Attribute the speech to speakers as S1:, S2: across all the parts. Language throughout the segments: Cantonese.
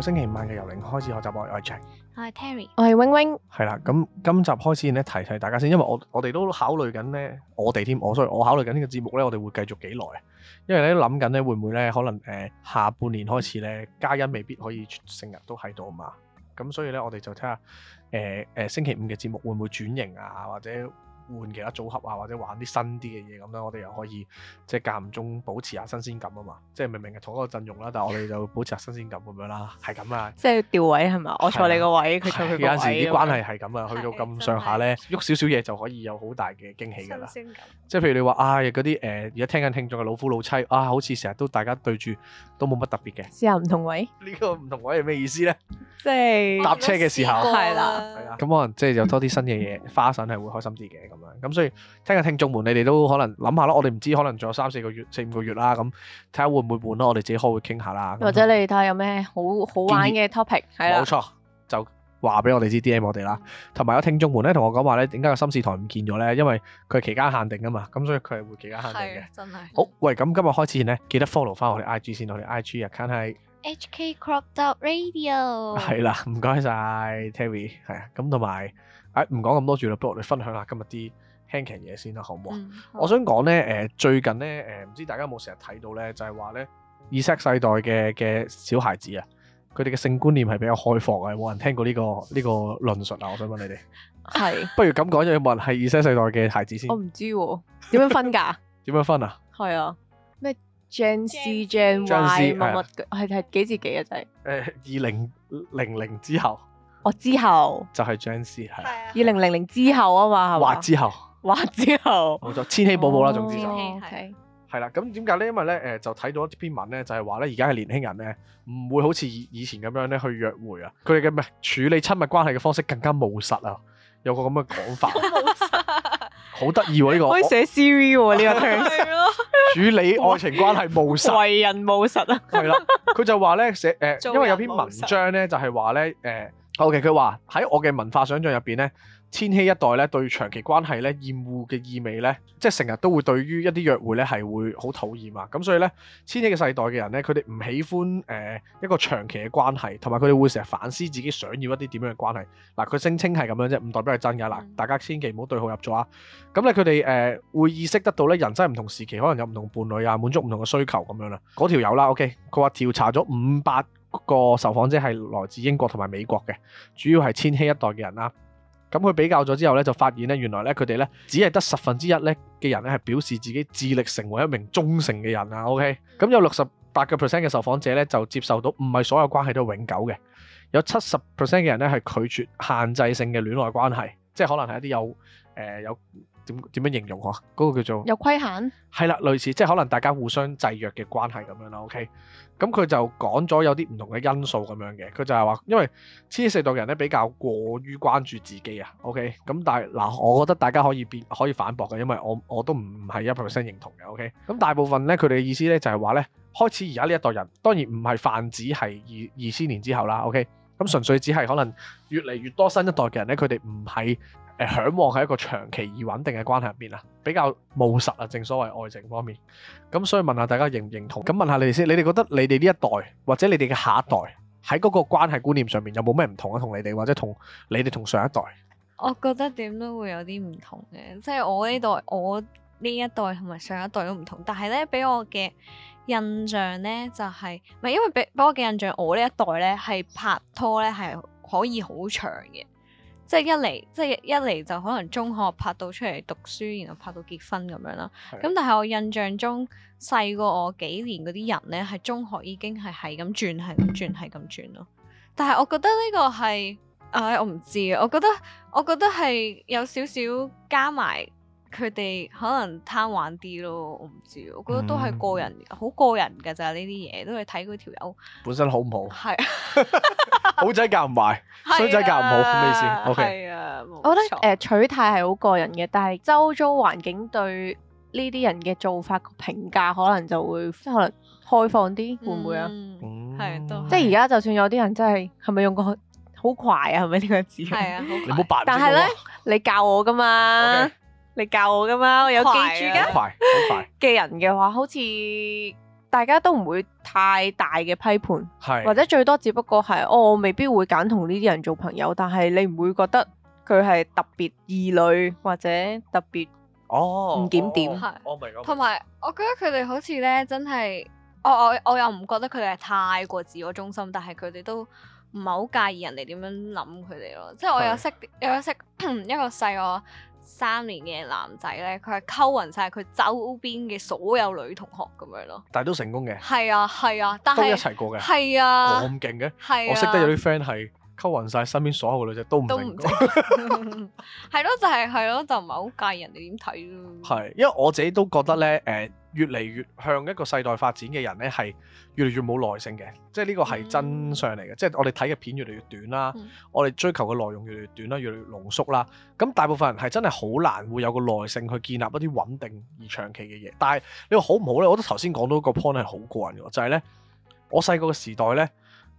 S1: 星期五晚嘅由零開始學習愛，我係 Jack，
S2: 我係 Terri，我係 Wing Wing，
S1: 係啦。咁今集開始呢，提提大家先，因為我我哋都考慮緊呢，我哋添，我所以我考慮緊呢個節目呢，我哋會繼續幾耐，因為咧諗緊呢，會唔會呢？可能誒、呃、下半年開始呢，嘉欣未必可以成日都喺度嘛。咁所以呢，我哋就睇下誒誒星期五嘅節目會唔會轉型啊，或者？換其他組合啊，或者玩啲新啲嘅嘢咁啦，我哋又可以即係間唔中保持下新鮮感啊嘛，即係明明係同一個陣容啦，但係我哋就保持下新鮮感咁樣啦，係咁啊，即係調位係嘛？我坐你個位，佢坐佢個位。有陣時啲關係係咁啊，去到咁上下咧，喐少少嘢就可以有好大嘅驚喜㗎啦。即係譬如你話啊，嗰啲誒而家聽緊聽眾嘅老夫老妻啊，好似成日都大家對住都冇乜特別嘅。試下唔同位。呢個唔同位係咩意思咧？即係搭車嘅時候。係啦。咁可能即係有多啲新嘅嘢，花生係會開心啲嘅。咁所以，聽嘅聽眾們，你哋都可能諗下咯。我哋唔知，可能仲有三四個月、四五個月啦。咁睇下會唔會換咯。我哋自己開會傾下啦。或
S2: 者你哋睇下有咩好好玩嘅 topic？係啊記。冇對了 錯，
S1: 就話俾我哋知 D M 我哋啦。同埋、嗯、有聽眾們咧，同我講話咧，點解個心事台唔見咗咧？因為佢係期間限定啊嘛。咁所以佢係會期間限定嘅。真係。好，喂！咁今日開始前咧，記得 follow 翻我哋 I G 先，我哋 I G 啊，account 係
S3: H K Crop Radio。係
S1: 啦，唔該晒 Terri 係啊。咁同埋。哎，唔講咁多住啦，嗯呃呃，不如我哋分享下今日啲輕鬆嘢先啦，好唔好？我想講咧，誒最近咧，誒唔知大家有冇成日睇到咧，就係話咧 Z 世代嘅嘅小孩子啊，佢哋嘅性觀念係比較開放嘅，冇人聽過呢、呢個呢、呢個論述啊，我想問你哋。係是，不如咁講咗要問，係 Z 世代嘅孩子先。我
S2: 唔知喎，啊，點樣分㗎？點樣 分啊？係啊，咩 Gen C、Gen Y 乜乜嘅？係係，啊，幾字幾啊？就
S1: 係誒二零零零之後，
S2: 我之後
S1: 就係 Gen Z，係
S2: 二零零零之後啊嘛，係嘛？或之
S1: 後，或之後冇錯，千禧寶寶啦，總之就係啦。咁點解咧？因為咧，誒就睇到一篇文咧，就係話咧，而家嘅年輕人咧，唔會好似以以前咁樣咧去約會啊。佢哋嘅咩處理親密關係嘅方式更加務實啊。有個咁嘅講法，好得意喎！呢個可以寫 CV 喎，呢個聽。係處理愛情關係務實，為人務實啊。係啦，佢就話咧，寫誒，因為有篇文章咧，就係話咧，誒。OK，佢話喺我嘅文化想像入邊呢千禧一代咧對長期關係咧厭惡嘅意味呢即係成日都會對於一啲約會咧係會好討厭啊。咁所以呢，千禧嘅世代嘅人呢，佢哋唔喜歡誒、呃、一個長期嘅關係，同埋佢哋會成日反思自己想要一啲點樣嘅關係。嗱，佢聲稱係咁樣啫，唔代表係真嘅。嗱，大家千祈唔好對號入座啊。咁咧，佢哋誒會意識得到呢人生唔同時期可能有唔同伴侶啊，滿足唔同嘅需求咁樣啦。嗰條友啦，OK，佢話調查咗五百。個受訪者係來自英國同埋美國嘅，主要係千禧一代嘅人啦。咁佢比較咗之後呢，就發現呢，原來呢，佢哋呢，只係得十分之一呢嘅人呢，係表示自己致力成為一名忠誠嘅人啊。OK，咁有六十八個 percent 嘅受訪者呢，就接受到，唔係所有關係都永久嘅。有七十 percent 嘅人呢，係拒絕限制性嘅戀愛關係，即係可能係一啲有誒、呃、有點點樣形容嚇、啊、嗰、嗰個叫做有規限，係啦，類似即係可能大家互相制約嘅關係咁樣啦。OK。咁佢就講咗有啲唔同嘅因素咁樣嘅，佢就係話，因為千禧代人咧比較過於關注自己啊，OK，咁但係嗱，我覺得大家可以變可以反駁嘅，因為我我都唔唔係一百 percent 認同嘅，OK，咁大部分咧佢哋嘅意思咧就係話咧，開始而家呢一代人當然唔係泛指係二二千年之後啦，OK，咁純粹只係可能越嚟越多新一代嘅人咧，佢哋唔係。誒，嚮往係一個長期而穩定嘅關係入邊啊，比較務實啊，正所謂愛情方面。咁所以問下大家認唔認同？咁問下你哋先，你哋覺得你哋呢一代或者你哋嘅下一代喺嗰個關係觀念上面有冇咩唔同啊？同你哋或者同你哋同上一代，
S3: 我覺得點都會有啲唔同嘅，即係我呢代、我呢一代同埋上一代都唔同。但係呢，俾我嘅印象呢，就係唔係因為俾俾我嘅印象，我呢一代呢係拍拖呢係可以好長嘅。即係一嚟，即係一嚟就可能中學拍到出嚟讀書，然後拍到結婚咁樣啦。咁的但係我印象中細過我幾年嗰啲人咧，係中學已經係係咁轉，係咁轉，係咁轉咯。但係我覺得呢個係，唉、哎，我唔知啊。我覺得我覺得係有少少加埋。佢哋可能貪玩啲咯，我唔知，我覺得都係個人，好個人㗎咋呢啲嘢，都係睇嗰條友
S1: 本身好唔好，係好仔教唔壞，衰仔教唔好，咩意思？OK，我覺
S3: 得誒取態係好個人嘅，
S2: 但係周遭環境對呢啲人嘅做法評價，可能就會即可能開放啲，會唔會啊？係都即係而家，就算有啲人真係係咪用個好快啊？係咪呢個字？係啊，但係咧，你教我㗎嘛？你教我噶嘛？我有記住噶。好快，好快。嘅人嘅話，好似大家都唔會太大嘅批判，係的或者最多只不過係，哦，我未必會揀同呢啲人做朋友，但係你唔會覺得佢係特別異類或者
S3: 特別
S1: 哦唔檢點。係，我明。同埋
S3: 我覺得佢哋好似咧，真係我我我又唔覺得佢哋係太過自我中心，但係佢哋都唔係好介意人哋點樣諗佢哋咯。即係我有識，有識一個細我。三年嘅男仔咧，佢係溝勻晒佢周邊嘅所有女同學咁樣咯，
S1: 但係都成功嘅。
S3: 係啊係啊，但係都一齊
S1: 過嘅。係啊，咁勁嘅。係、啊、我識得有啲 friend 係溝勻晒身邊所有嘅女仔，都唔都唔
S3: 成功。係咯，就係係咯，就唔係好介意人哋點睇咯。
S1: 係，因為我自己都覺得咧，誒、呃。越嚟越向一個世代發展嘅人呢係越嚟越冇耐性嘅，即係呢個係真相嚟嘅。嗯、即係我哋睇嘅片越嚟越短啦，嗯、我哋追求嘅內容越嚟越短啦，越嚟越濃縮啦。咁大部分人係真係好難會有個耐性去建立一啲穩定而長期嘅嘢。但係你話好唔好呢？我覺得頭先講到個 point 係好過癮嘅，就係呢：我細個嘅時代呢。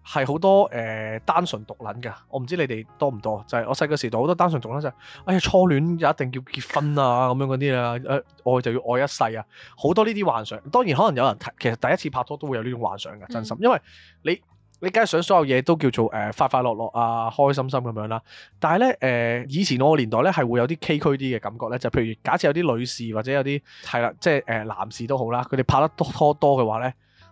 S1: 係好多誒、呃、單純獨撚㗎，我唔知你哋多唔多，就係、是、我細個時代好多單純獨撚就係、是，哎呀初戀又一定要結婚啊咁樣嗰啲啦，誒、呃、愛就要愛一世啊，好多呢啲幻想。當然可能有人其實第一次拍拖都會有呢種幻想㗎，真心，因為你你梗係想所有嘢都叫做誒、呃、快快樂樂啊，開開心心咁樣啦。但係呢，誒、呃、以前我個年代呢係會有啲崎嶇啲嘅感覺呢。就是、譬如假設有啲女士或者有啲係啦，即係誒、呃、男士都好啦，佢哋拍得多拖多嘅話呢。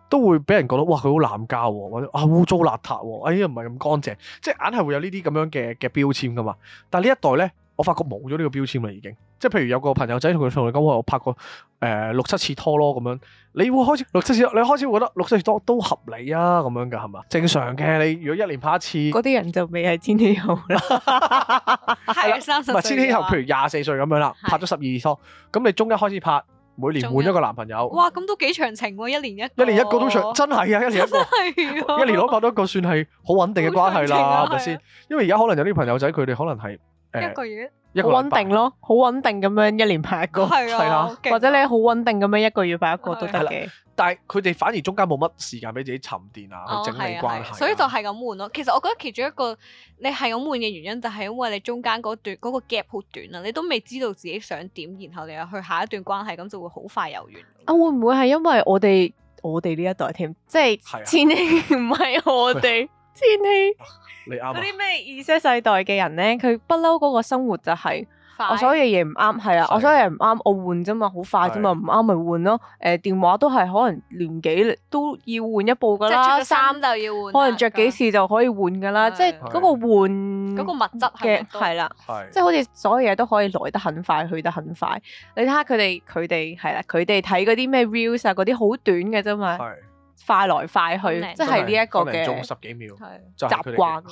S1: 都會俾人覺得，哇，佢好濫交喎，或者啊污糟邋遢喎，哎呀唔係咁乾淨，即係硬係會有呢啲咁樣嘅嘅標籤噶嘛。但係呢一代咧，我發覺冇咗呢個標籤啦，已經。即係譬如有個朋友仔同佢同佢講話，我拍過誒、呃、六七次拖咯咁樣，你會開始六七次，你開始會覺得六七次拖都合理啊咁樣㗎係嘛？正常嘅你如果一年拍一次，嗰啲人就未係千禧後啦，
S3: 係啊三十歲。唔係千禧後，譬如
S1: 廿四歲咁樣啦，拍咗十二次拖，咁你中間開始拍。每年換一個男朋友，
S3: 哇！咁都幾長情喎，一年一 一年一個都長，真係啊，一年一個， 一年攞
S1: 個都拍一個算係好穩定嘅關係啦，係咪先？是是 因為而家可能有啲朋友仔，佢哋可能係誒一個
S2: 月，一個好穩定咯，好穩定
S1: 咁樣一年拍一個，係啊，啦或者你好穩定咁樣一個月拍一個都得嘅。但係佢哋反而中間冇乜時間俾自己沉澱啊，去整理關係，哦，所以
S3: 就係咁換咯。其實我覺得其中一個你係咁換嘅原因，就係因為你中間嗰段嗰、嗰個 gap 好短啊，你都未知道自己想點，然後你又去下一段關係，咁就會好快又完。
S2: 啊，會唔會係因為我哋我哋呢一代添？即係千禧
S3: 唔係我哋千禧，你
S2: 啱，嗰啲咩二十世代嘅人咧，佢不嬲嗰個生活就係、是。我所有嘢唔啱，係啊，是我所有嘢唔啱，我換啫嘛，好快啫嘛，唔啱咪換咯。誒、呃、電話都係可能年幾都要換一部㗎啦。即係著衫就要換。可能着幾次就可以換㗎啦，是即係嗰個換嗰個物質嘅係啦。係即係好似所有嘢都可以來得很快，去得很快。你睇下佢哋佢哋係啦，佢哋睇嗰啲咩 views 啊，嗰啲好短嘅啫嘛。快來快去，即係呢一個嘅是十
S1: 幾秒習慣。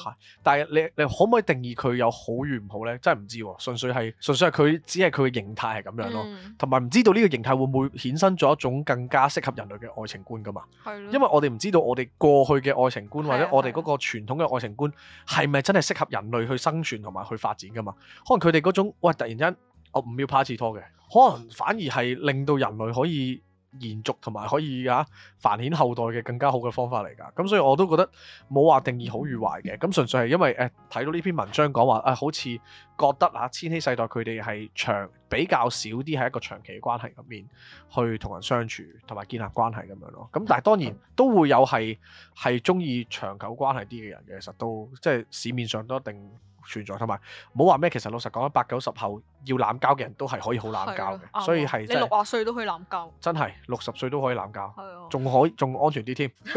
S1: 但係你你可唔可以定義佢有好與唔好呢？真係唔知喎，純粹係純粹係佢只係佢嘅形態係咁樣咯，同埋唔知道呢個形態會唔會衍生咗一種更加適合人類嘅愛情觀噶嘛？的因為我哋唔知道我哋過去嘅愛情觀的或者我哋嗰個傳統嘅愛情觀係咪真係適合人類去生存同埋去發展噶嘛？可能佢哋嗰種喂，突然間我唔要拍次拖嘅，可能反而係令到人類可以。延續同埋可以啊繁衍後代嘅更加好嘅方法嚟㗎，咁所以我都覺得冇話定義好與壞嘅，咁純粹係因為誒睇、呃、到呢篇文章講話、呃、啊，好似覺得啊千禧世代佢哋係長比較少啲喺一個長期嘅關係入面去同人相處同埋建立關係咁樣咯，咁但係當然都會有係係鍾意長久關係啲嘅人嘅，其實都即係市面上都一定存在同埋，冇好話咩？其實老實講，八九十後要濫交嘅人都係可以好濫交嘅，的所以係你六十
S3: 歲都可以濫交，
S1: 真係六十歲都可以濫交，仲的可仲安全啲添，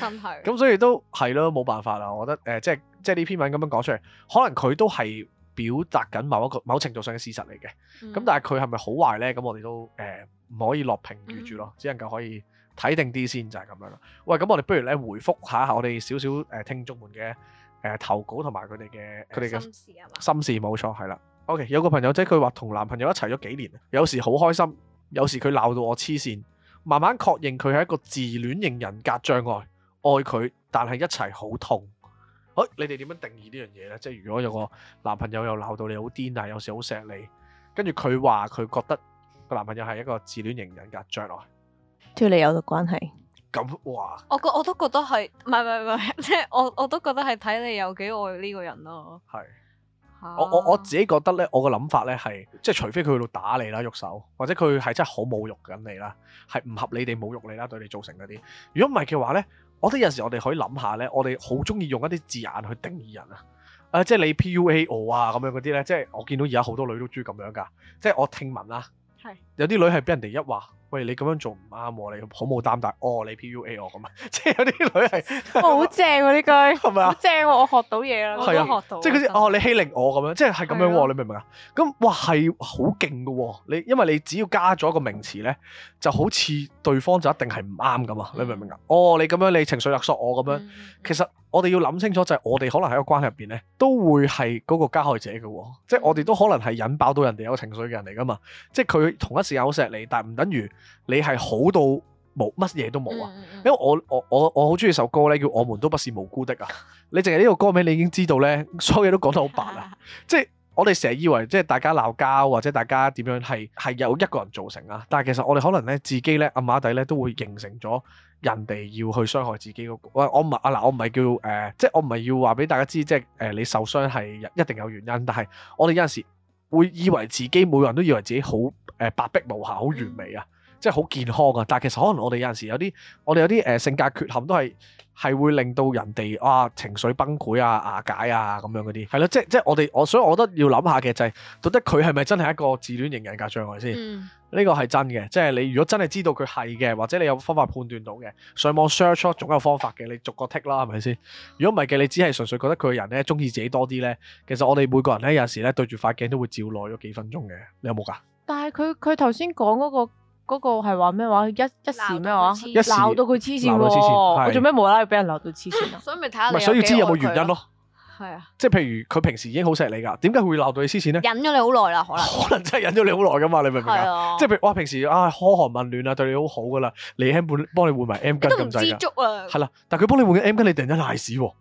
S3: 真
S1: 係的。咁 所以都係咯，冇辦法啦。我覺得誒、呃，即係即係呢篇文咁樣講出嚟，可能佢都係表達緊某一個某程度上嘅事實嚟嘅。咁、嗯、但係佢係咪好壞咧？咁我哋都誒唔、呃、可以落評語住咯，嗯、只能夠可以睇定啲先，就係咁樣啦。喂，咁我哋不如咧回覆下下我哋少少誒聽眾們嘅。誒、呃、投稿同埋佢哋嘅佢哋嘅心事係嘛？心事冇錯係啦。O、okay, K，有個朋友即係佢話同男朋友一齊咗幾年，有時好開心，有時佢鬧到我黐線。慢慢確認佢係一個自戀型人格障礙，愛佢，但係一齊好痛。啊、你哋點樣定義呢樣嘢呢？即係如果有個男朋友又鬧到你好癲，但係有時好錫你，跟住佢話佢覺得個男朋友係一個自戀型人格障礙，
S2: 脱離有冇
S1: 關係？咁哇！
S3: 我覺我都覺得係，唔係唔係唔係，即係我我都覺得係睇你有幾愛呢個人咯、啊。
S1: 係是，啊、我我我自己覺得咧，我嘅諗法咧係，即係除非佢去到打你啦、喐手，或者佢係真係好侮辱緊你啦，係唔合理地侮辱你啦，對你造成嗰啲。如果唔係嘅話咧，我覺得有時我哋可以諗下咧，我哋好中意用一啲字眼去定義人啊，誒、啊，即係你 PUA 我啊，咁樣嗰啲咧，即係我見到而家好多女都中意咁樣噶，即係我聽聞啦、啊，係是有啲女係俾人哋一話。喂，你咁樣做唔啱喎，你好冇擔戴哦，你 PUA 我咁 啊，即係有啲
S2: 女係好正喎呢句，係咪好正喎，我學到嘢啦，係啊，即係嗰啲
S1: 哦，你欺凌我咁樣，即係係咁樣喎，的你明唔明啊？咁哇係好勁嘅喎，你因為你只要加咗一個名詞咧，就好似對方就一定係唔啱咁啊，你明唔明啊？嗯、哦，你咁樣你情緒勒索我咁樣，嗯、其實我哋要諗清楚就係我哋可能喺個關係入邊咧，都會係嗰個加害者嘅喎，即係、嗯、我哋都可能係引爆到人哋有情緒嘅人嚟噶嘛，即係佢同一時間好錫你，但係唔等於。你係好到冇乜嘢都冇啊，因為我我我我好中意首歌咧，叫《我們都不是無辜的》啊。 你淨係呢個歌名，你已經知道咧，所有嘢都講得好白啊。 即係我哋成日以為，即係大家鬧交或者大家點樣係係由一個人造成啊。但係其實我哋可能咧自己咧暗啞底咧都會形成咗人哋要去傷害自己個。喂，我唔啊嗱，我唔係、啊、叫誒、呃，即係我唔係要話俾大家知，即係誒、呃、你受傷係一定有原因。但係我哋有陣時會以為自己每個人都以為自己好誒、呃、白璧無瑕，好完美啊。 即係好健康㗎！但係其實可能我哋有陣時有啲，我哋有啲誒、呃、性格缺陷都係係會令到人哋啊、呃、情緒崩潰啊瓦解啊咁樣嗰啲係咯，即即我哋我所以，我覺得要諗下嘅就係到底覺得佢係咪真係一個自戀型人格障礙先？呢個係真嘅，即係你如果真係知道佢係嘅，或者你有方法判斷到嘅，上網 search 總有方法嘅，你逐個剔啦，係咪先？如果唔係嘅，你只係純粹覺得佢嘅人咧中意自己多啲咧，其實我哋每個人咧有陣時咧對住塊鏡都會照耐咗幾分鐘嘅，你有冇㗎？
S2: 但係佢佢頭先講嗰個。嗰個係話咩話一一時咩話，
S3: 一,一時鬧時到佢黐
S1: 線喎，是我做咩
S2: 無啦啦要俾人鬧到黐線
S3: 啊？所以咪睇下你有幾要知道有冇原因咯。係
S1: 啊，即係譬如佢平時已經好錫你噶，點解會鬧到你黐線咧？
S3: 忍咗你好耐啦，可能
S1: 可能真係忍咗你好耐噶嘛？你明唔明啊？即係譬如，哇平時啊苛寒問暖啊，對你好好噶啦，你 M 半幫你換埋 M 巾咁滯啊？係啦，但係佢幫你換嘅 M 巾，你突然間賴屎喎！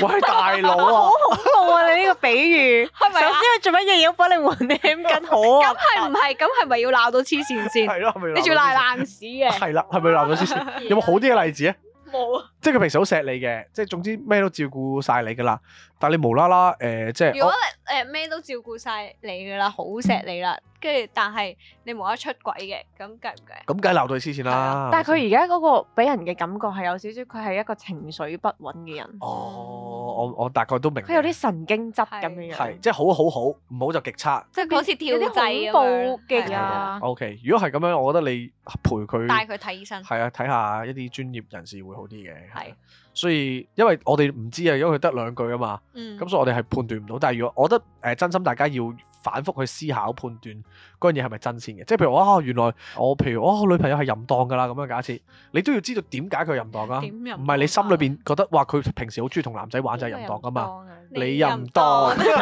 S1: 喂大
S3: 佬啊，好恐怖啊！你呢個比喻，首先佢做乜嘢要幫你換 M 巾。好啊？咁係唔係？咁係咪要鬧到黐線先？係咯係咪？你仲賴爛屎嘅？
S1: 係啦，係咪鬧到黐線？有冇好啲嘅例子咧？冇啊！即係佢平時好錫你嘅，即係總之咩都照顧晒你噶啦。但你無啦啦誒，即係如果
S3: 誒咩都照顧晒你噶啦，好錫你啦，跟住但係你無得出軌嘅，咁計唔計？
S1: 咁梗鬧到你黐線啦！但係
S3: 佢而家
S2: 嗰個俾人嘅感覺係有少少，佢係一個情緒不穩嘅人。哦，
S1: 我我大概都明。佢
S2: 有啲神經質咁嘅人。
S1: 係即係好好好，唔好就極差。
S2: 即係好似跳掣咁樣。係係係
S1: O K，如果係咁樣，我覺得你陪佢帶佢睇醫生。係啊，睇下一啲專業人士會好啲嘅。係。所以，因為我哋唔知啊，因為佢得兩句啊嘛，咁、嗯、所以我哋係判斷唔到。但係如果我覺得誒、呃，真心大家要反覆去思考判斷嗰樣嘢係咪真先嘅。即係譬如，哇、哦，原來我譬如，我、哦、女朋友係淫蕩㗎啦，咁樣假設，你都要知道點解佢淫蕩㗎。點淫？唔係你心裏邊覺得，哇，佢平時好鍾意同男仔玩就係淫蕩㗎嘛。淫蕩你淫蕩。誒、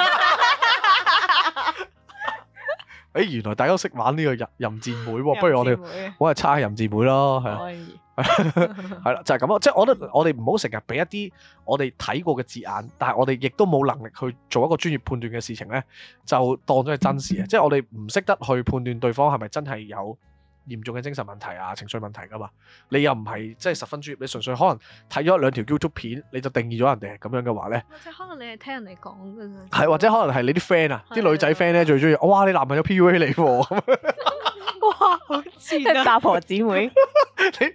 S1: 哎，原來大家都識玩呢個淫淫字妹喎、啊，不如我哋我係猜淫字妹咯，係啊。係啦， 就係咁咯，即、就、係、是、我覺得我哋唔好成日俾一啲我哋睇過嘅字眼，但係我哋亦都冇能力去做一個專業判斷嘅事情呢，就當咗係真事啊！即係 我哋唔識得去判斷對方係咪真係有嚴重嘅精神問題啊、情緒問題噶嘛？你又唔係即係十分專業，你純粹可能睇咗兩條 YouTube 片，你就定義咗人哋係咁樣嘅話呢，
S3: 即係可能你係聽人哋講噶
S1: 係或者可能係你啲 friend 啊，啲的女仔 friend 呢，最中意，哇你男朋友 PUA 你喎！ 好賤啊！大婆姊妹， 你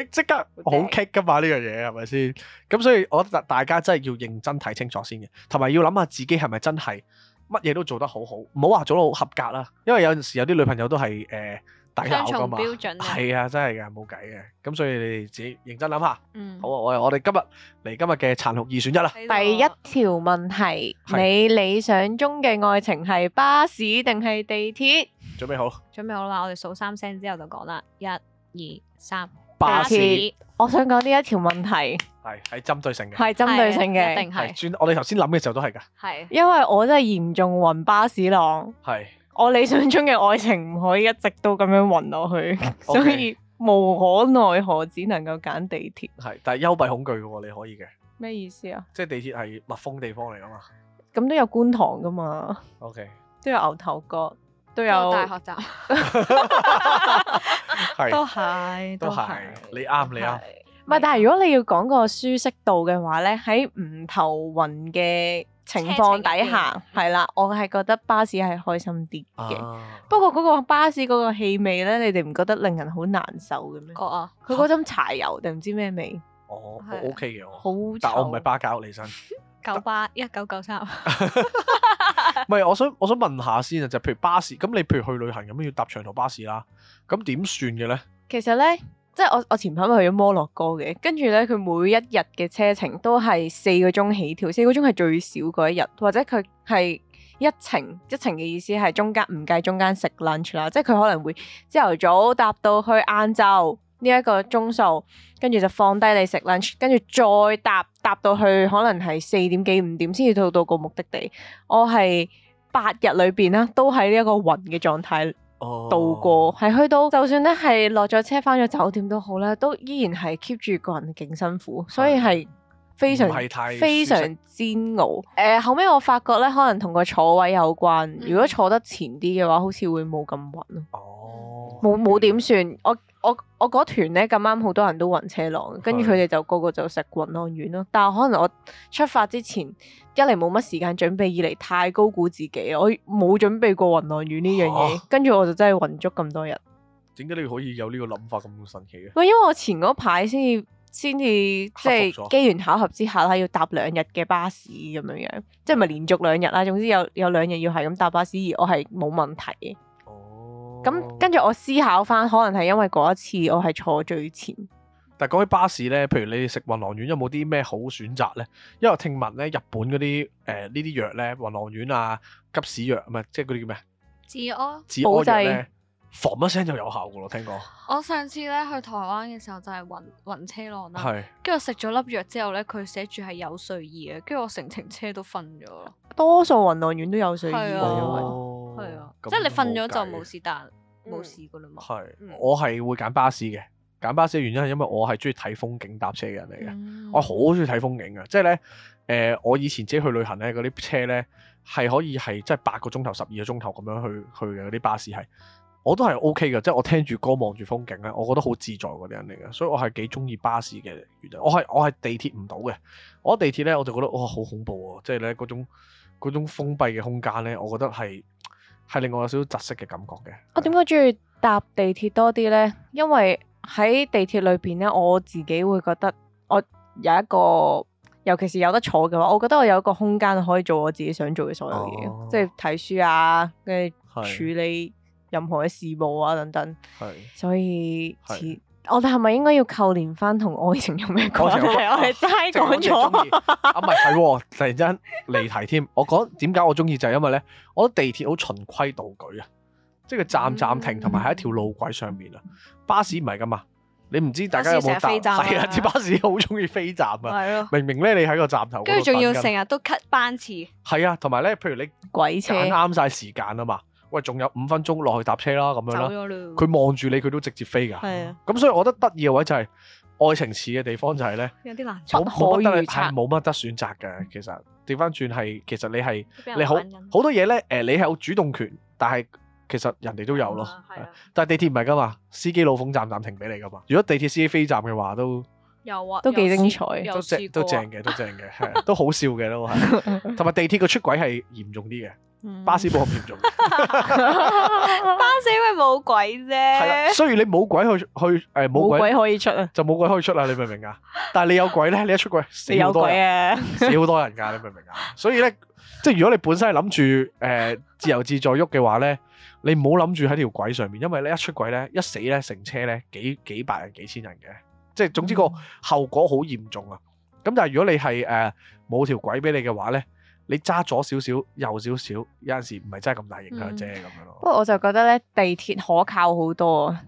S1: 你即刻好棘噶嘛？呢樣嘢係咪先？咁所以我覺得大家真係要認真睇清楚先嘅，同埋要諗下自己係咪真係乜嘢都做得好好，唔好話做到好合格啦。因為有陣時有啲女朋友都係誒。呃雙重標準啊，係啊，真係嘅，冇計嘅。咁所以你哋自己認真諗下。嗯，好啊，我我哋今日嚟今日嘅殘酷二選一啦。
S2: 第一條問題，你理想中嘅愛情係巴士定係地鐵？
S1: 準備好。
S3: 準備好啦，我哋數三聲之後就講啦。一、二、三。
S2: 巴士。我想講呢一條問題
S1: 係係針對性嘅，係針對性嘅，定係。轉我哋頭先諗嘅時候都係噶。係。
S2: 因為我真係嚴重暈巴士浪。係。我理想中嘅
S1: 愛情唔可以一直都咁樣暈落去，okay。所以無
S2: 可奈何只能夠揀地鐵。
S1: 係，但係幽閉恐懼嘅喎，你可以嘅。
S2: 咩意思啊？
S1: 即係地鐵係密封地方嚟啊嘛。
S2: 咁、嗯、都有觀塘噶嘛。OK。都有牛頭角，都有大
S1: 學站。都係，都係。你啱，你啱。
S2: 唔係，但係如果你要講個舒適度嘅話咧，喺唔頭暈嘅情況底下，係啦，我係覺得巴士係開心啲嘅。啊、不過嗰個巴士嗰個氣味咧，你哋唔覺得令人好難受嘅咩？哦哦，佢嗰陣柴油定唔知咩味？
S1: 哦，我 OK 嘅、哦，好，但我唔係巴九五零三
S2: 九八一九九三。
S1: 唔係，我想我想問下先啊，就係、譬如巴士咁，你譬如去旅行咁樣要搭長途巴士啦，咁點算嘅咧？
S2: 其實咧。即係我我前排咪去咗摩洛哥嘅，跟住咧佢每一日嘅車程都係四個鐘起跳，四個鐘係最少嗰一日，或者佢係一程一程嘅，意思係中間唔計中間食 lunch 啦，即係佢可能會朝頭早搭到去晏晝呢一個鐘數，跟住就放低你食 lunch，跟住再搭搭到去可能係四點幾五點先至到到個目的地。我係八日裏邊啦，都喺呢一個暈嘅狀態。哦、度過係去到，就算咧係落咗車翻咗酒店都好咧，都依然係 keep 住個人勁辛苦，的所以係非常非常煎熬。誒、呃、後尾我發覺咧，可能同個坐位有關。嗯、如果坐得前啲嘅話，好似會冇咁暈咯。哦，冇冇點算？我我我嗰團咧咁啱好多人都暈車浪，跟住佢哋就,的就個個就食暈安丸咯。但係可能我出發之前。一嚟冇乜時間準備，二嚟太高估自己啊！我冇準備過暈浪丸呢樣嘢，跟住蛤我就真係暈足咁多日。
S1: 點解你可以有呢個諗法咁神奇嘅？
S2: 喂，因為我前嗰排先至先至即係機緣巧合之下啦，要搭兩日嘅巴士咁樣樣，即係咪連續兩日啦？總之有有兩日要係咁搭巴士，而我係冇問題。哦、嗯，咁跟住我思考翻，可能係因為嗰一次我係坐最前。
S1: 但係講起巴士咧，譬如你食暈浪丸有冇啲咩好選擇咧？因為我聽聞咧日本嗰啲誒呢啲藥咧，暈浪丸啊、急屎藥，唔係即係嗰啲叫咩？
S3: 止屙止屙藥咧，就
S1: 是、防一聲就有效噶咯。聽講
S3: 我上次咧去台灣嘅時候就係暈暈車浪啦，係是。跟住食咗粒藥之後咧，佢寫住係有睡意嘅，跟住我成程車都瞓咗咯。
S1: 多數暈浪丸都有睡意啊，係塞塞啊，
S3: 即係你瞓咗就冇事，但冇事噶啦
S1: 嘛。係、嗯，我係會揀巴士嘅。揀巴士嘅原因係因為我係中意睇風景搭車嘅人嚟嘅。嗯、我好中意睇風景嘅，即係呢。誒、呃。我以前自己去旅行呢，嗰啲車呢係可以係即係八個鐘頭、十二個鐘頭咁樣去去嘅嗰啲巴士係，我都係 O K 嘅。即係我聽住歌、望住風景咧，我覺得好自在嗰啲人嚟嘅，所以我係幾中意巴士嘅原因。我係我係地鐵唔到嘅，我地鐵呢，我就覺得哇好恐怖喎！即係呢，嗰種嗰種封閉嘅空間呢，我覺得係係令我有少少窒息嘅感覺嘅。
S2: 我點解中意搭地鐵多啲呢？因為喺地鐵裏邊咧，我自己會覺得我有一個，尤其是有得坐嘅話，我覺得我有一個空間可以做我自己想做嘅所有嘢，哦、即係睇書啊，跟住處理任何嘅事務啊等等。係是，所以是我哋係咪應該要扣連翻同愛情有咩關係？
S1: 我係齋講咗啊，唔係，係突然間離題添。我講點解我中意就係、是、因為咧，我覺得地鐵好循規蹈矩啊。即係個站站停，同埋喺一條路軌上面啊！巴士唔係噶嘛，你唔知大家有冇搭？係啊，啲巴士好中意飛站啊！明明咧，你喺個站頭，跟住仲要成
S3: 日都 cut 班次。
S1: 係啊，同埋咧，譬如你鬼車啱晒時間啊嘛，喂，仲有五分鐘落去搭車啦，咁樣啦。走咗啦！佢望住你，佢都直接飛噶。係啊，咁所以我覺得得意嘅位就係愛情似嘅地方就係咧，
S3: 有啲難。冇乜得，
S1: 係冇乜得選擇嘅。其實調翻轉係，其實你係你好好多嘢咧。誒，你係有主動權，但係。其實人哋都有咯，但係地鐵唔係噶嘛，司機老奉站站停俾你噶嘛。如果地鐵司機飛站嘅話，都有
S3: 啊，都幾精彩，都正
S1: 嘅，都正嘅，係都好笑嘅都係。同埋地鐵嘅出軌係嚴重啲嘅，巴士冇咁嚴重。
S3: 巴士會冇鬼啫，
S1: 雖然你冇鬼去去誒冇鬼可以出啊，就冇鬼可以出啊，你明唔明啊？但係你有鬼咧，你一出軌死好多人，死好多人噶，你明唔明啊？所以咧，即係如果你本身係諗住誒自由自在喐嘅話咧。你唔好諗住喺條軌上面，因為咧一出軌咧一死咧成車咧幾幾百人幾千人嘅，即係總之個後果好嚴重啊！咁、嗯、但係如果你係誒冇條軌俾你嘅話咧，你揸左少少右少少，有陣時唔係真係咁大影響啫咁樣咯。
S2: 不過、嗯、我就覺得咧地鐵可靠好多，啊。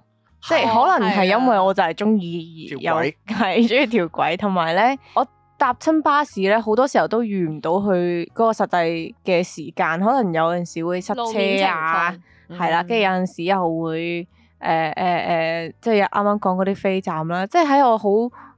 S2: 即係可能係因為我就係中意有係中意條軌，同埋咧我搭親巴士咧好多時候都預唔到佢嗰個實際嘅時間，可能有陣時會塞車啊。係啦，跟住、嗯嗯、有陣時又會誒誒誒，即係啱啱講嗰啲飛站啦，即係喺我好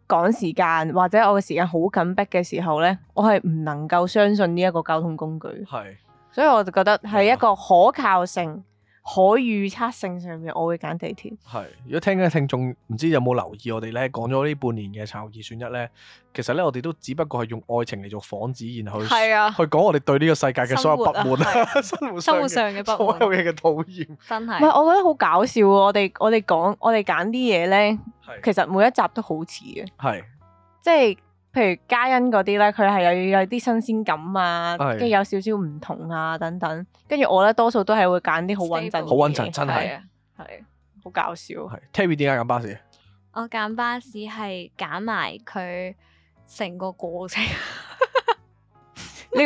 S2: 趕時間或者我嘅時間好緊迫嘅時候咧，我係唔能夠相信呢一個交通工具。係是，所以我就覺得係一個可靠性。可預測性上面，我會揀地鐵。
S1: 係，如果聽緊嘅聽眾唔知有冇留意我哋咧，講咗呢半年嘅殘酷二選一咧，其實咧我哋都只不過係用愛情嚟做幌子，然後係啊，去講我哋對呢個世界嘅所有不滿生活、啊啊、 生活上嘅不滿，所有嘢嘅討厭。真係，
S3: 唔係我
S2: 覺得好搞笑喎！我哋我哋講我哋揀啲嘢咧，啊、其實每一集都好似嘅，係即係。譬如嘉欣嗰啲咧，佢係有有啲新鮮感是的 點點啊，跟住有少少唔同啊等等，跟住我咧多數都係會揀啲好穩陣嘅，好穩
S1: 陣真係，係
S3: 好搞笑。係
S1: Terry 點解揀巴士？
S3: 我揀巴士係揀埋佢成個過程，
S2: 呢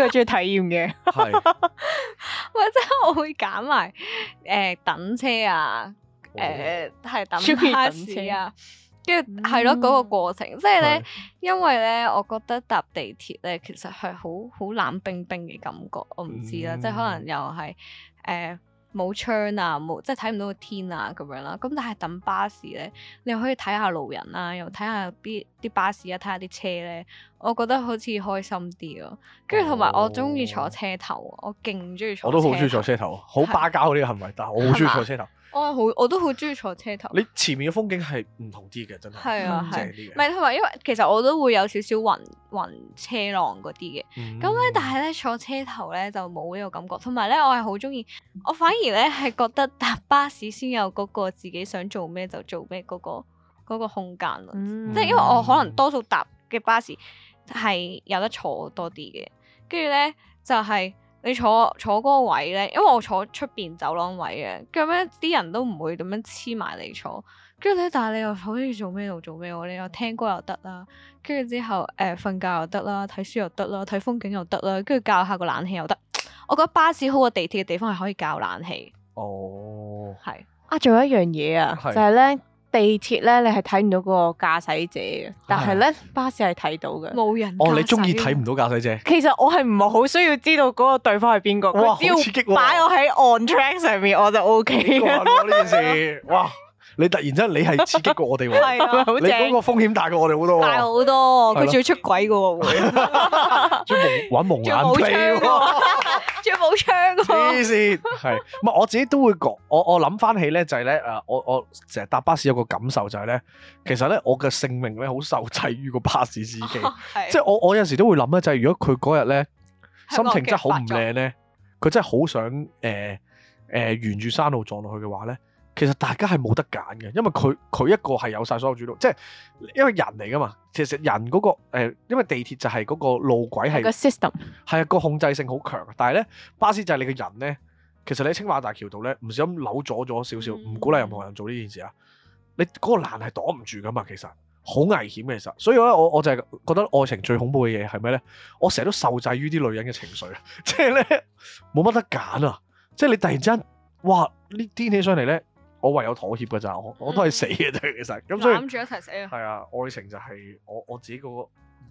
S2: 個最體驗嘅。
S3: 係， 喂，即係我會揀埋誒等車啊，誒、呃、係等巴士啊水冷。跟住係咯，嗰、嗯、個過程，即係咧，是因為咧，我覺得搭地鐵咧，其實係好好冷冰冰嘅感覺，我唔知啦，嗯、即係可能又係誒冇窗啊，冇即係睇唔到個天啊咁樣啦。咁但係等巴士咧，你可以睇下路人啦、啊，又睇下啲啲巴士啊，睇下啲車咧、啊，我覺得好似開心啲咯、啊。跟住同埋我鍾意坐車頭，我勁鍾意坐。我都好鍾意坐
S1: 車頭，好巴膠呢個行為，但係我好鍾意坐車頭。
S3: 我係好，我都好中意坐車頭。你
S1: 前面嘅風景係唔同啲嘅，真係正啲嘅。唔係
S3: 同埋，因為其實我都會有少少暈暈車浪嗰啲嘅。咁咧、嗯，但係咧坐車頭咧就冇呢個感覺。同埋咧，我係好中意，我反而咧係覺得搭巴士先有嗰個自己想做咩就做咩嗰、嗰個嗰個空間咯。即係、嗯、因為我可能多數搭嘅巴士係有得坐多啲嘅，跟住咧就係、是。你坐坐嗰個位咧，因為我坐出邊走廊位嘅，咁樣啲人都唔會咁樣黐埋嚟坐。跟住咧，但係你又可以做咩就做咩，我哋又聽歌又得啦，跟住之後誒瞓覺又得啦，睇書又得啦，睇風景又得啦，跟住教下個冷氣又得。我覺得巴士好過地鐵嘅地方係可以教冷氣。哦、oh.
S1: 係，
S2: 係啊，仲有一樣嘢啊，係，就係
S1: 咧。
S3: 地鐵咧，你係睇唔到嗰個駕駛
S2: 者嘅，但係咧、啊、巴士係睇到嘅，冇人。哦，你中意睇唔
S1: 到駕駛者？
S2: 其實我係唔係好需要知道嗰個對方係邊個？我哇只要刺激喎！擺我喺 on track 上面哇我就 OK 啊！
S1: 呢件事，哇！你突然之間，你係刺激過我哋喎、啊！ 啊、你嗰個風險大過我哋好多、啊，大好多、啊，佢
S3: 仲對了 要出軌嘅喎、
S1: 啊，仲要揾蒙眼、啊，仲
S3: 要冇槍、啊，仲要冇槍嘅、啊，黐
S1: 線！係，唔係我自己都會講，我我諗翻起咧就係咧，誒，我、就是、我成日搭巴士有個感受就係、是、咧，其實咧我嘅性命咧好受制於個巴士司機，啊、即係我我有時都會諗咧、就是，就係如果佢嗰日咧
S3: 心情呢作真係好唔靚
S1: 咧，佢真係好想誒誒沿住山路撞落去嘅話咧。其實大家係冇得揀嘅，因為佢佢一個係有晒所有主導，即係因為人嚟噶嘛。其實人嗰、那個誒，因為地鐵就係嗰個路軌係個 system，係個控制性好強。但係咧，巴士就係你嘅人咧。其實你喺青馬大橋度咧，唔小心扭咗咗少少，唔鼓勵任何人做呢件事啊！嗯、你嗰個欄係擋唔住噶嘛？其實好危險嘅，其實。所以咧，我我就係覺得愛情最恐怖嘅嘢係咩咧？我成日都受制於啲女人嘅情緒， 即係咧冇乜得揀啊！即係你突然之間，哇！呢癲起上嚟咧～我唯有妥協嘅咋，我我都係死嘅啫其實，咁所以攬住一齊死。係啊，愛情就係我我自己、嗰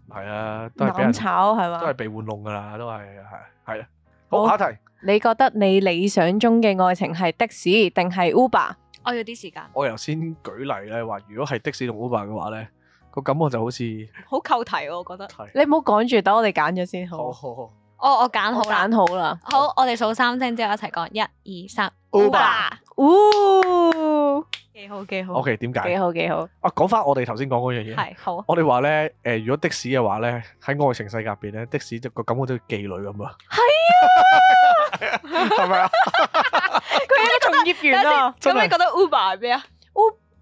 S1: 個係啊，都係俾人咁炒係嘛，都係被玩弄噶啦，都係係係啊。好，
S2: 下題、哦，你覺得你理想中嘅愛情係的士定係 Uber？
S3: 我有啲時間，
S1: 我頭先舉例咧，話如果係的士同 Uber 嘅話咧，個感覺就好似好扣題、啊、我覺得。是
S3: 你唔好講住，等、哦哦哦、我哋揀咗先好。我我揀好啦，揀好啦。好，我哋數三聲之後一齊講，一二三，Uber。嗚，
S1: 幾
S3: 好幾好。OK，點解？幾好幾好。
S1: 啊，講翻我哋頭先講嗰樣嘢。係好。我哋話咧，誒，如果的士嘅話咧，喺愛情世界入邊咧，的士就個感覺都似妓女咁啊。
S3: 係啊，係咪啊？佢係啲從業員啊，咁你覺得 Uber 係咩啊？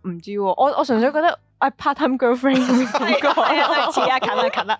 S3: 唔
S2: 知喎，我我純粹覺得 i part time girlfriend
S1: 咁講。似啊，近啊，近啊。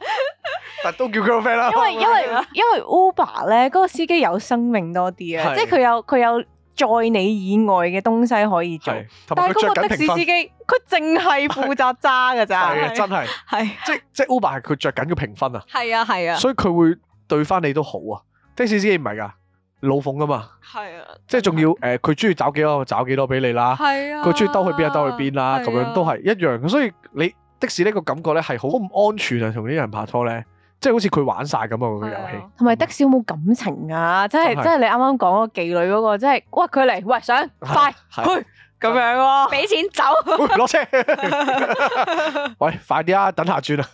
S1: 但都叫 girlfriend 啦。因為因
S2: 為因為 Uber 咧，嗰個司機有生命多啲啊，即係佢有佢有。在你以
S1: 外嘅東西可以做，但係個的士司機，
S2: 佢淨係負責揸㗎咋，真
S1: 係係即係即係 Uber 佢着緊個評分啊，係啊係啊，所以佢會對翻你都好啊。的士司機唔係噶，老奉噶嘛，係啊，即係仲要誒，佢中意找幾多就找幾多俾你啦，係啊，佢中意兜去邊就兜去邊啦，咁樣都係一樣。所以你的士呢個感覺咧係好唔安全啊，同呢啲人拍拖咧。即係好似佢玩曬咁啊個遊戲，同
S2: 埋的士有冇感情啊？即係即係你啱啱講嗰妓女嗰個，即係喂佢嚟，喂想
S3: 快去咁樣，俾錢走攞車。
S1: 喂，快啲啊！等下轉啊！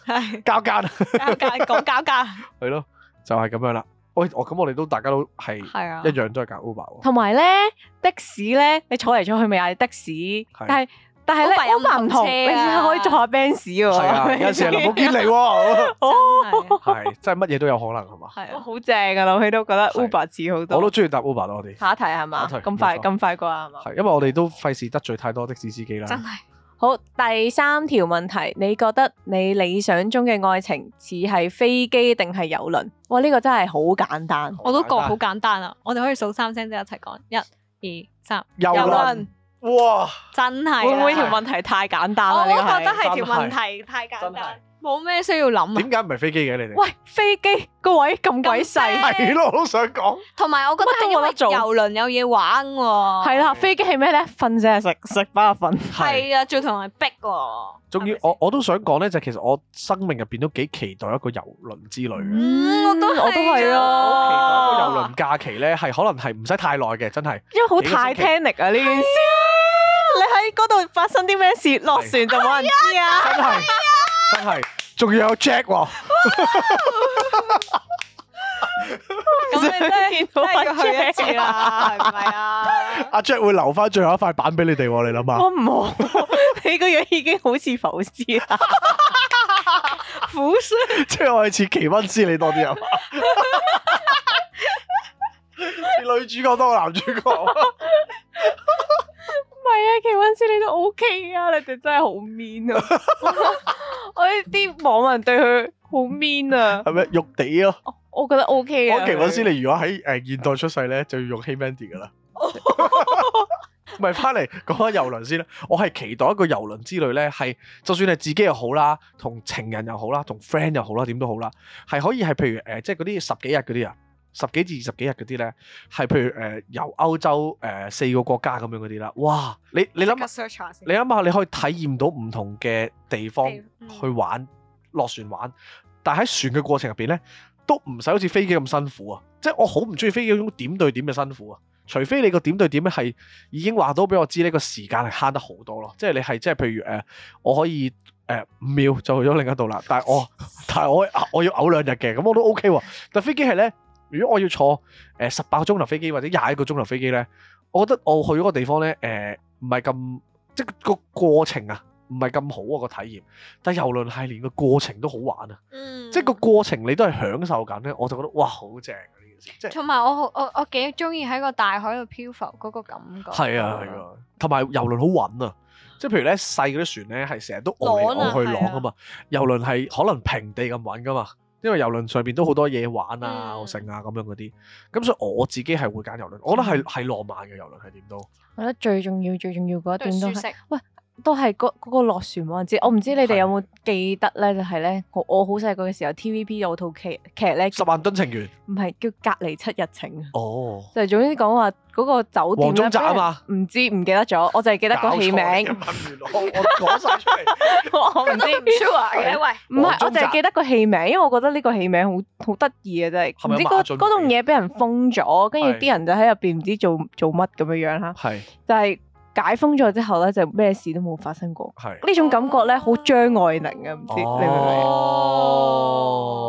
S1: 交界，交
S3: 界講
S1: 交界，係咯，就係咁樣啦。喂，我咁我哋都大家都係係啊，一樣都係搞 Uber。
S2: 同埋咧的士咧，你坐嚟坐去咪嗌的士，但係。但係白音白唔同，有時可以坐 Benz
S1: 喎，有時係林寶堅尼嚟喎，係真係乜嘢都有可能係嘛，好正啊！老細都覺得 Uber 似好多，我都中意搭 Uber 啦，我哋
S2: 下一題係嘛，咁快咁快過係嘛，
S1: 係因為我哋都費事得罪太多的士司機啦。真係
S2: 好，第三條問題，你覺得你理想中嘅愛情似係飛機定係郵輪？哇，呢個真係好簡單，我都覺好簡
S3: 單啊！我哋可以數三聲，就一齊講：一、二、三，郵輪。哇！真係會唔會條問題太簡單，我都覺得係條問題太簡單，冇咩需要諗
S1: 啊！點解唔係飛機嘅你哋？喂，
S3: 飛機個位咁鬼細，係咯，我
S1: 都想講。
S3: 同埋我覺得都冇得做郵輪有嘢玩喎。係啦，飛機係咩咧？瞓正係食
S1: 食飽就瞓。係
S3: 啊，仲同人逼喎。
S1: 仲要我我都想講咧，就其實我生命入邊都幾期待一個郵輪之旅嘅。嗯，我都我都係啊！好期待一個郵輪假期咧，係可能係唔使太耐嘅，真係。因為好 Titanic 啊呢件
S2: 事。喺嗰度發生啲咩事，落船就冇人知啊！真係、哎，
S1: 真係，仲要有 Jack 喎、哦！咁
S2: 你 真係見到翻去一次啦，係咪啊？Jack 啊？
S1: 阿、啊、Jack 會留翻最後一塊板俾你哋，你諗下。我唔望，
S2: 你個樣已經好似浮屍啦，
S1: 苦尸悚。即係我似奇溫斯你多啲啊！
S3: 你
S1: 女主角多過男主角。
S2: 唔係啊，奇雲師，你都 O、OK、K 啊，你哋真係好 mean 啊！我 啲網民對佢好 mean 啊！
S1: 係咪？ 肉地啊？
S2: 我覺得 O K 嘅。我奇雲師，你
S1: 如果喺誒現代出世咧，就要用 Hey Mandy 噶啦。唔係，翻嚟講下郵輪先啦。 我係期待一個郵輪之旅咧，係就算你自己又好啦，同情人又好啦，同 friend 又好啦，點都好啦，係可以係譬如誒、呃，即係嗰啲十幾日嗰啲啊。十幾至二十幾日嗰啲呢，係譬如誒、呃、由歐洲誒、呃、四個國家咁樣嗰啲啦。哇！你你諗你諗下，你諗諗你可以體驗到唔同嘅地方去玩落、嗯、船玩，但喺船嘅過程入邊呢，都唔使好似飛機咁辛苦啊！即係我好唔中意飛機嗰種點對點嘅辛苦啊。除非你個點對點呢係已經話到俾我知，呢個時間係慳得好多咯。即係你係即係譬如誒、呃，我可以誒五、呃、秒就去咗另一度啦。但係我 但係我我要嘔兩日嘅，咁我都 OK 喎。但飛機係呢。如果我要坐誒十八個鐘頭飛機或者廿一個鐘頭飛機咧，我覺得我去嗰個地方咧誒，唔係咁即個過程啊，唔係咁好啊個體驗。但遊輪係連個過程都好玩啊，嗯、即個過程你都係享受緊咧，我就覺得哇好正啊呢
S3: 件事！即同埋我我我幾中意喺個大海度漂浮嗰個感覺。係
S1: 啊係啊，同埋遊輪好穩啊！即、嗯、譬如咧細嗰啲船咧係成日都攞嚟攞去㗎嘛，遊 輪係可能平地咁穩噶嘛。因為郵輪上面都好多嘢玩啊、食啊咁樣嗰啲，咁所以我自己係會揀郵輪，我覺得係係浪漫嘅郵輪係點都，我
S2: 覺得最重要最重要嗰一段都係，喂。都係嗰嗰個落船冇人知，我唔知你哋有冇記得咧？就係咧，我我好細個嘅時候，TVB 有套劇
S1: 劇咧，十萬噸情緣，
S2: 唔係叫隔離七日情啊。哦，就係總之講話嗰個酒店。王中澤啊嘛？唔知唔記得咗，我淨係記得個戲名。十萬噸情緣，我我講錯。我唔知 sure 嘅喂。唔係，我淨係記得個戲名，因為我覺得呢個戲名好好得意啊！真係，唔知嗰嗰棟嘢俾人封咗，跟住啲人就喺入邊唔知做做乜咁樣樣啦。係，就係。解封咗之後咧，就咩事都冇發生過。係呢是種感覺咧，好張愛玲啊！唔知你明唔明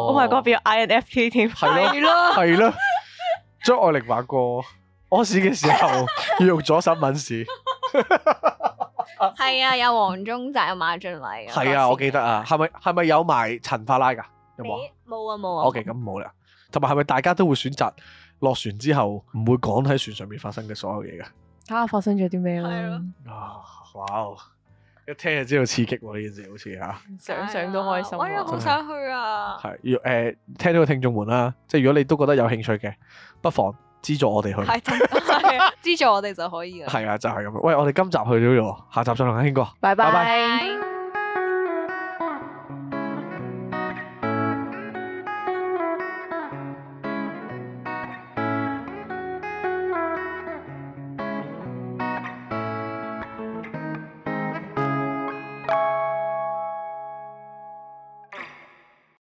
S2: ？Oh my God！INFP 添，係咯，
S3: 係咯。
S1: 張愛玲話過屙屎嘅時候，用左手揾屎。
S3: 係啊，有黃宗澤，有馬浚偉。係啊，我記
S1: 得啊，係咪係咪有埋陳法拉㗎？有冇啊？
S3: 冇啊冇啊。OK，
S1: 咁冇啦。同埋係咪大家都會選擇落船之後唔會講喺船上面發生嘅所有嘢㗎？睇下發生咗啲咩啦～啊了，哇、oh, wow. 一聽就知道刺激喎，呢件事，好似嚇。
S3: 想想都開心，哎呀。我又好想去
S1: 啊～係，若誒、呃、聽到個聽眾們啦，即係如果你都覺得有興趣嘅，不妨資助我哋去。係
S3: 真係資助我哋就可以啦。
S1: 係啊， 就係、是、咁。喂，我哋今集去咗喎，下集再同阿軒哥。
S3: 拜拜 bye。Bye bye。